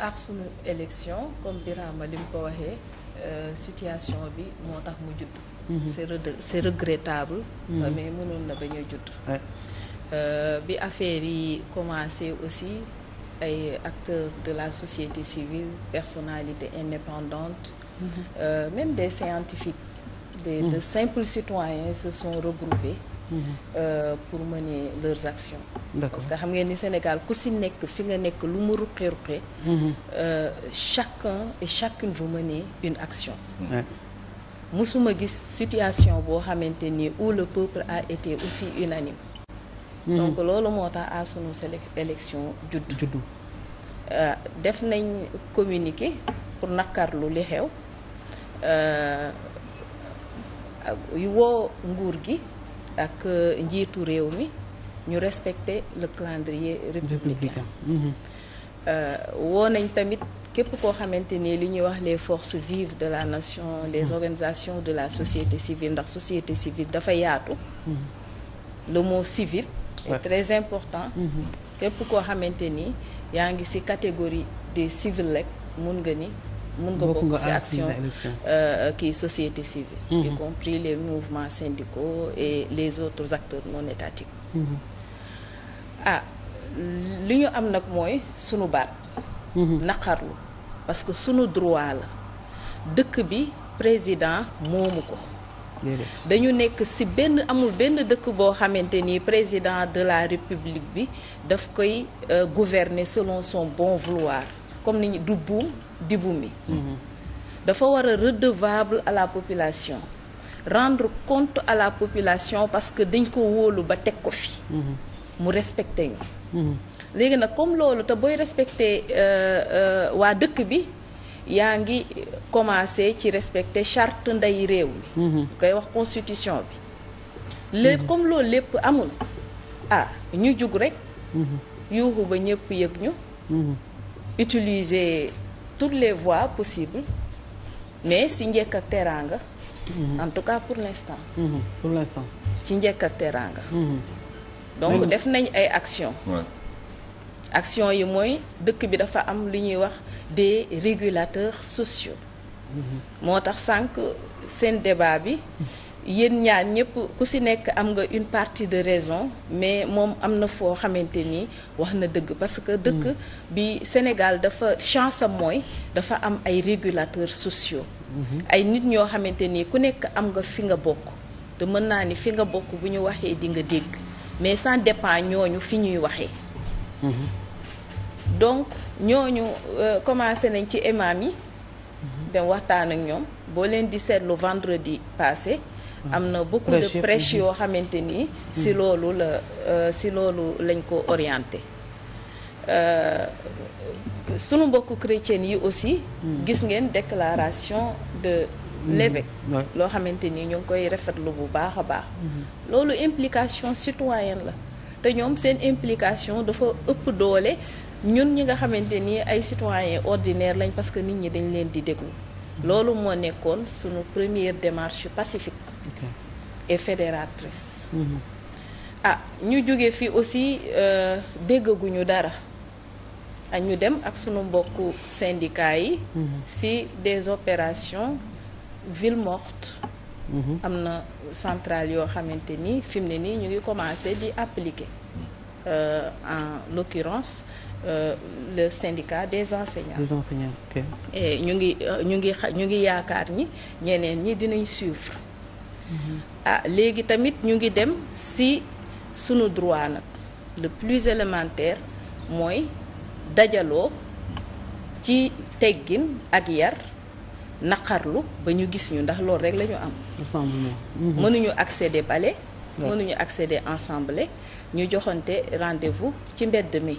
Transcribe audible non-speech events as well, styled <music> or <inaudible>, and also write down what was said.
aar sunu élection comme Birama li mu ko waxee euh, situation bi moo tax mu judd. Mhm. c'est re c'est regrettable. Mhm. mais mënoon na bañ a judd. Euh, bi affaire yi commencé aussi ay acteurs de la société civile personnalité indépendante. Mhm. Euh, même des scientifiques. des de simples citoyens se sont regroupés. euh, pour mener leurs actions parce que xam ngeen ni Sénégal ku si nekk fi nga nekk lu mu ruqe ruqe mhm. euh, chacun et chacune vous menez une action mësuma gis situation boo xamante ni où le peuple a été aussi unanime mhm. donc loolu moo tax à sunu élection judd juddu euh, def nañ communiqué pour nakarlu li xew euh, woo nguur gi ak euh, njiitu réew mi ñu respecter le calendrier républicain mhm. euh, woo nañ tamit képp koo xamante ni li ñuy wax les forces vives de la nation les mhm. organisations de la société civile ndax société civile dafa yaatu mhm. le mot civil très important képp koo xamante ni yaa ngi ci catégorie des civils rek mun nga ni mën nga bokk si action euh, euh, kii société civile mhm. y compris les mouvements syndicaux et les autres acteurs non étatiques mhm. ah li ñu am nag mooy sunu baat mhm. naqarlu parce que sunu droit la dëkk bi président moomu ko dañu nekk si benn amul benn dëkk boo xamante ni président de la république bi daf koy euh, gouverner selon son bon vouloir comme ni du buum dibu mi dafa war a redevable à la population rendre compte à la population parce que dañ ko wóolu ba teg ko fi mu respecté ñu léegi nag comme loolu te booy respecté euh, euh, waa dëkk bi yaa ngi commencé ci respecté charte ndey réew mi koy wax constitution bi lépp mhm. comme loolu lépp amul ah ñu jug rek mhm. yuuxu ba ñëpp yëg ñu mhm. utiliser tout les voies possibles mais ci njëkk ak teraanga. Mhm. en tout cas pour l'instant. Mhm. pour l'instant. ci njëkk ak teraanga. Mhm. donc def nañ ay action action yi mooy dëkk bi dafa am lu ñuy wax des régulateurs sociaux. moo tax sànq seen débat bi. <laughs> yéen ñaar ñëpp ku si nekk am nga une partie de raison mais moom am na foo xamante ni wax na dëgg parce que dëkk mm. bi Sénégal dafa chance am mooy dafa am ay régulateurs sociaux mm-hmm. ay nit ñoo xamante ni ku nekk am nga fi nga bokk te mën naa ni fi nga bokk bu ñu waxee dinga nga dégg mais ça dépend ñooñu fi ñuy waxee mm-hmm. donc ñooñu euh, commencé nañ ci imam yi mm-hmm. dem waxtaan ak ñoom boo leen di seetlu vendredi passé am na beaucoup Prêche. de prêches yoo xamante nii si hmm. loolu la euh, si loolu lañ ko orienté euh, sunu mbokku chrétiens yi aussi hmm. gis ngeen déclaration de hmm. l'évêque loo xamante ni ñu ngi koy rafetlu bu baax a baax loolu implication citoyenne la te ñoom seen implication dafa ëpp doole ñun ñi nga xamante ni ay citoyens ordinaires lañ parce que nit ñi dañ leen di déglu loolu moo nekkoon sunu première démarche pacifique et fédératrice. Mhm. ah ñu jóge fii aussi euh, déggaguñu dara ak ah, ñu dem ak sunu mbokku syndicats yi. Mhm. si des opérations ville morte. Mhm. am na centrale yoo xamante ni fi mu ne nii ñu ngi commencé di appliquer euh, en l'occurrence euh, le syndicat des enseignants. des enseignants ñu ngi euh, ñu ngi ñu ngi yaakaar ni ñeneen ñi dinañ suivre. ah léegi tamit ñu ngi dem si sunu droit nag le plus élémentaire mooy dajaloo ci teggin ak yar naqarlu ba ñu gis ñu ndax loolu rek la ñu am. Mhm. mënuñu accéder palais. mënuñu accéder ensemble ñu joxante rendez-vous ci mbedd mi.